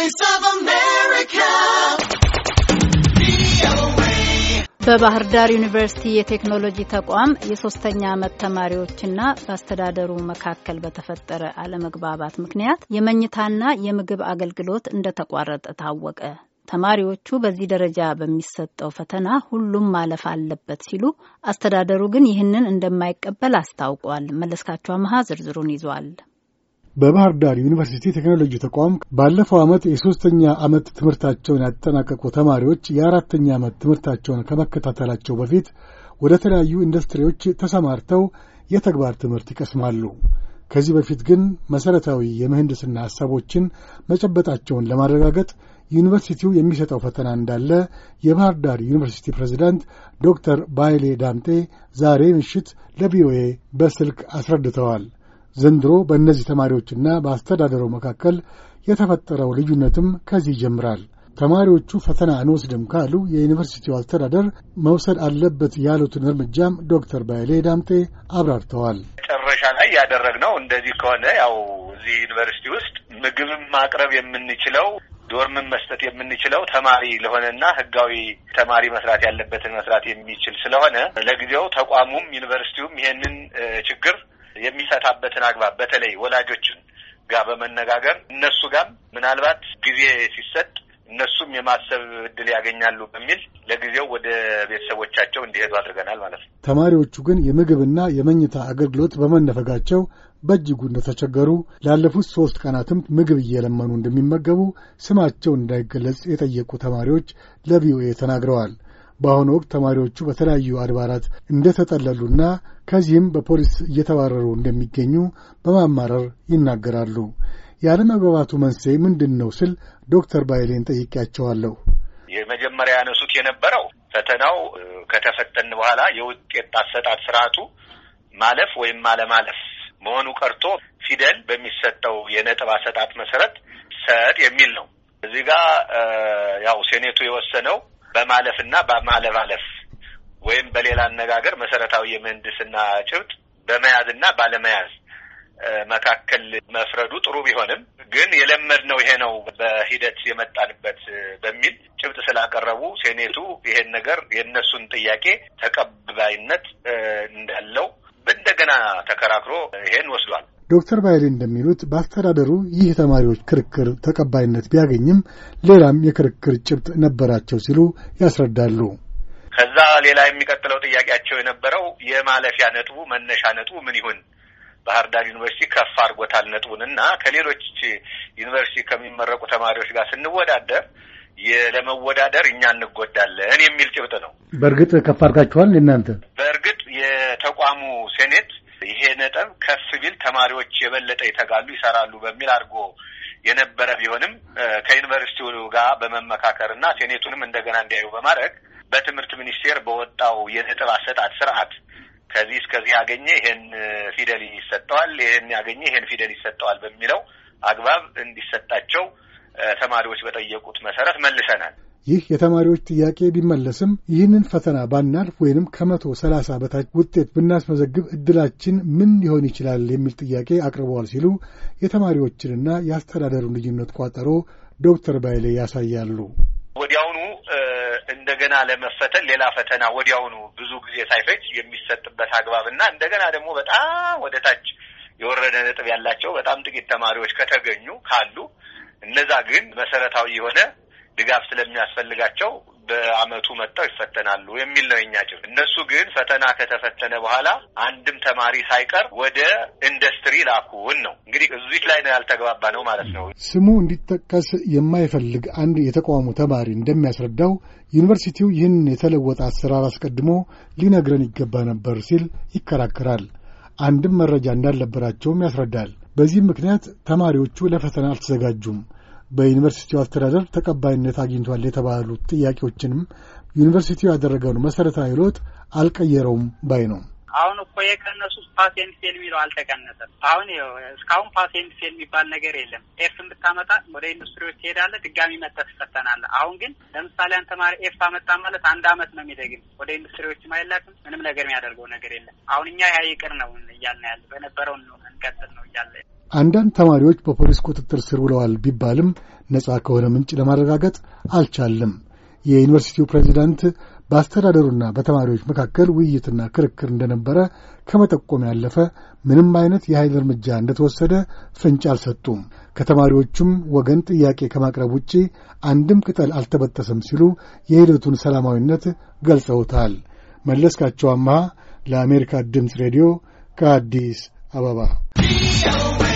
Voice of America. በባህር ዳር ዩኒቨርሲቲ የቴክኖሎጂ ተቋም የሶስተኛ ዓመት ተማሪዎችና በአስተዳደሩ መካከል በተፈጠረ አለመግባባት ምክንያት የመኝታና የምግብ አገልግሎት እንደተቋረጠ ታወቀ። ተማሪዎቹ በዚህ ደረጃ በሚሰጠው ፈተና ሁሉም ማለፍ አለበት ሲሉ፣ አስተዳደሩ ግን ይህንን እንደማይቀበል አስታውቋል። መለስካቸው አመሃ ዝርዝሩን ይዟል። በባህር ዳር ዩኒቨርሲቲ ቴክኖሎጂ ተቋም ባለፈው ዓመት የሦስተኛ ዓመት ትምህርታቸውን ያጠናቀቁ ተማሪዎች የአራተኛ ዓመት ትምህርታቸውን ከመከታተላቸው በፊት ወደ ተለያዩ ኢንዱስትሪዎች ተሰማርተው የተግባር ትምህርት ይቀስማሉ። ከዚህ በፊት ግን መሠረታዊ የምህንድስና ሐሳቦችን መጨበጣቸውን ለማረጋገጥ ዩኒቨርሲቲው የሚሰጠው ፈተና እንዳለ የባህር ዳር ዩኒቨርሲቲ ፕሬዚዳንት ዶክተር ባይሌ ዳምጤ ዛሬ ምሽት ለቪኦኤ በስልክ አስረድተዋል። ዘንድሮ በእነዚህ ተማሪዎችና በአስተዳደሩ መካከል የተፈጠረው ልዩነትም ከዚህ ይጀምራል። ተማሪዎቹ ፈተና አንወስድም ካሉ የዩኒቨርሲቲው አስተዳደር መውሰድ አለበት ያሉትን እርምጃም ዶክተር ባይሌ ዳምጤ አብራርተዋል። መጨረሻ ላይ ያደረግነው እንደዚህ ከሆነ ያው እዚህ ዩኒቨርሲቲ ውስጥ ምግብም ማቅረብ የምንችለው ዶርምን መስጠት የምንችለው ተማሪ ለሆነና ህጋዊ ተማሪ መስራት ያለበትን መስራት የሚችል ስለሆነ ለጊዜው ተቋሙም ዩኒቨርሲቲውም ይሄንን ችግር የሚፈታበትን አግባብ በተለይ ወላጆችን ጋር በመነጋገር እነሱ ጋር ምናልባት ጊዜ ሲሰጥ እነሱም የማሰብ እድል ያገኛሉ በሚል ለጊዜው ወደ ቤተሰቦቻቸው እንዲሄዱ አድርገናል ማለት ነው። ተማሪዎቹ ግን የምግብና የመኝታ አገልግሎት በመነፈጋቸው በእጅጉ እንደተቸገሩ ላለፉት ሶስት ቀናትም ምግብ እየለመኑ እንደሚመገቡ ስማቸው እንዳይገለጽ የጠየቁ ተማሪዎች ለቪኦኤ ተናግረዋል። በአሁኑ ወቅት ተማሪዎቹ በተለያዩ አድባራት እንደተጠለሉና ከዚህም በፖሊስ እየተባረሩ እንደሚገኙ በማማረር ይናገራሉ። ያለመግባባቱ መንስኤ ምንድን ነው ስል ዶክተር ባይሌን ጠይቄያቸዋለሁ። የመጀመሪያ ያነሱት የነበረው ፈተናው ከተፈተን በኋላ የውጤት አሰጣጥ ስርዓቱ ማለፍ ወይም አለማለፍ መሆኑ ቀርቶ ፊደል በሚሰጠው የነጥብ አሰጣጥ መሰረት ሰጥ የሚል ነው። እዚህ ጋር ያው ሴኔቱ የወሰነው በማለፍና በማለባለፍ ወይም በሌላ አነጋገር መሰረታዊ የምህንድስና ጭብጥ በመያዝና ባለመያዝ መካከል መፍረዱ ጥሩ ቢሆንም ግን የለመድነው ይሄ ነው በሂደት የመጣንበት በሚል ጭብጥ ስላቀረቡ ሴኔቱ ይሄን ነገር የእነሱን ጥያቄ ተቀባይነት እንዳለው እንደገና ተከራክሮ ይሄን ወስዷል። ዶክተር ባይሌ እንደሚሉት በአስተዳደሩ ይህ የተማሪዎች ክርክር ተቀባይነት ቢያገኝም ሌላም የክርክር ጭብጥ ነበራቸው ሲሉ ያስረዳሉ። ከዛ ሌላ የሚቀጥለው ጥያቄያቸው የነበረው የማለፊያ ነጥቡ መነሻ ነጥቡ ምን ይሁን ባህር ዳር ዩኒቨርሲቲ ከፍ አድርጎታል ነጥቡን እና ከሌሎች ዩኒቨርሲቲ ከሚመረቁ ተማሪዎች ጋር ስንወዳደር ለመወዳደር እኛ እንጎዳለን የሚል ጭብጥ ነው። በእርግጥ ከፍ አድርጋችኋል እናንተ። በእርግጥ የተቋሙ ሴኔት ይሄ ነጥብ ከፍ ቢል ተማሪዎች የበለጠ ይተጋሉ፣ ይሰራሉ በሚል አድርጎ የነበረ ቢሆንም ከዩኒቨርሲቲው ጋር በመመካከር እና ሴኔቱንም እንደገና እንዲያዩ በማድረግ በትምህርት ሚኒስቴር በወጣው የነጥብ አሰጣት ስርዓት ከዚህ እስከዚህ ያገኘ ይሄን ፊደል ይሰጠዋል፣ ይሄን ያገኘ ይሄን ፊደል ይሰጠዋል በሚለው አግባብ እንዲሰጣቸው ተማሪዎች በጠየቁት መሰረት መልሰናል። ይህ የተማሪዎች ጥያቄ ቢመለስም ይህንን ፈተና ባናልፍ ወይንም ከመቶ ሰላሳ በታች ውጤት ብናስመዘግብ እድላችን ምን ሊሆን ይችላል የሚል ጥያቄ አቅርበዋል ሲሉ የተማሪዎችንና የአስተዳደሩን ልዩነት ቋጠሮ ዶክተር ባይሌ ያሳያሉ። ወዲያውኑ እንደገና ለመፈተን ሌላ ፈተና ወዲያውኑ ብዙ ጊዜ ሳይፈጅ የሚሰጥበት አግባብ እና እንደገና ደግሞ በጣም ወደ ታች የወረደ ነጥብ ያላቸው በጣም ጥቂት ተማሪዎች ከተገኙ ካሉ እነዛ ግን መሰረታዊ የሆነ ድጋፍ ስለሚያስፈልጋቸው በአመቱ መጥተው ይፈተናሉ የሚል ነው የኛ ጭብ። እነሱ ግን ፈተና ከተፈተነ በኋላ አንድም ተማሪ ሳይቀር ወደ ኢንዱስትሪ ላኩን ነው። እንግዲህ እዚህ ላይ ነው ያልተግባባ ነው ማለት ነው። ስሙ እንዲጠቀስ የማይፈልግ አንድ የተቋሙ ተማሪ እንደሚያስረዳው ዩኒቨርሲቲው ይህን የተለወጠ አሰራር አስቀድሞ ሊነግረን ይገባ ነበር ሲል ይከራከራል። አንድም መረጃ እንዳልነበራቸውም ያስረዳል። በዚህም ምክንያት ተማሪዎቹ ለፈተና አልተዘጋጁም። በዩኒቨርሲቲው አስተዳደር ተቀባይነት አግኝቷል የተባሉት ጥያቄዎችንም ዩኒቨርሲቲው ያደረገውን መሰረታዊ ለውጥ አልቀየረውም ባይ ነው። አሁን እኮ የቀነሱት ፓስ ፌል የሚለው አልተቀነሰም። አሁን እስካሁን ፓስ ፌል የሚባል ነገር የለም። ኤፍ ብታመጣ ወደ ኢንዱስትሪዎች ትሄዳለህ፣ ድጋሚ መጠ ትፈተናለህ። አሁን ግን ለምሳሌ አንተ ማ ኤፍ አመጣ ማለት አንድ አመት ነው የሚደግም፣ ወደ ኢንዱስትሪዎችም አይላክም። ምንም ነገር የሚያደርገው ነገር የለም። አሁን እኛ ያ ይቅር ነው እያልን ያለ በነበረው እንቀጥል ነው እያለ አንዳንድ ተማሪዎች በፖሊስ ቁጥጥር ስር ውለዋል ቢባልም ነጻ ከሆነ ምንጭ ለማረጋገጥ አልቻለም። የዩኒቨርሲቲው ፕሬዚዳንት በአስተዳደሩና በተማሪዎች መካከል ውይይትና ክርክር እንደነበረ ከመጠቆም ያለፈ ምንም አይነት የኃይል እርምጃ እንደተወሰደ ፍንጭ አልሰጡም። ከተማሪዎቹም ወገን ጥያቄ ከማቅረብ ውጪ አንድም ቅጠል አልተበጠሰም ሲሉ የሂደቱን ሰላማዊነት ገልጸውታል። መለስካቸው አማሃ ለአሜሪካ ድምፅ ሬዲዮ ከአዲስ አበባ